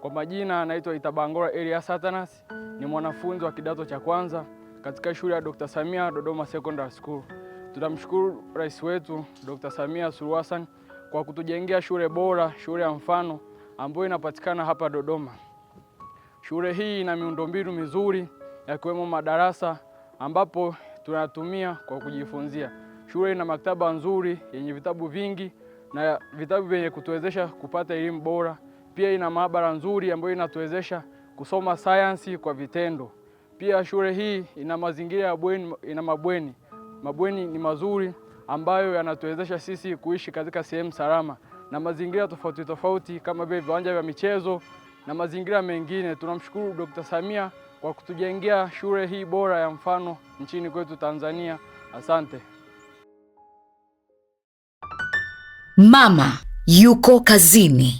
Kwa majina anaitwa Itabangora Elia Satanas, ni mwanafunzi wa kidato cha kwanza katika shule ya Dr. Samia Dodoma Secondary School. Tunamshukuru rais wetu Dr. Samia Suluhu Hassan kwa kutujengea shule bora, shule ya mfano ambayo inapatikana hapa Dodoma. Shule hii ina miundombinu mizuri yakiwemo madarasa ambapo tunatumia kwa kujifunzia. Shule ina maktaba nzuri yenye vitabu vingi na vitabu vyenye kutuwezesha kupata elimu bora. Pia ina maabara nzuri ambayo inatuwezesha kusoma sayansi kwa vitendo. Pia shule hii ina mazingira ya bweni, ina mabweni. Mabweni ni mazuri ambayo yanatuwezesha sisi kuishi katika sehemu salama na mazingira tofauti tofauti kama vile viwanja vya michezo na mazingira mengine. Tunamshukuru Dr. Samia kwa kutujengea shule hii bora ya mfano nchini kwetu Tanzania. Asante. Mama yuko kazini.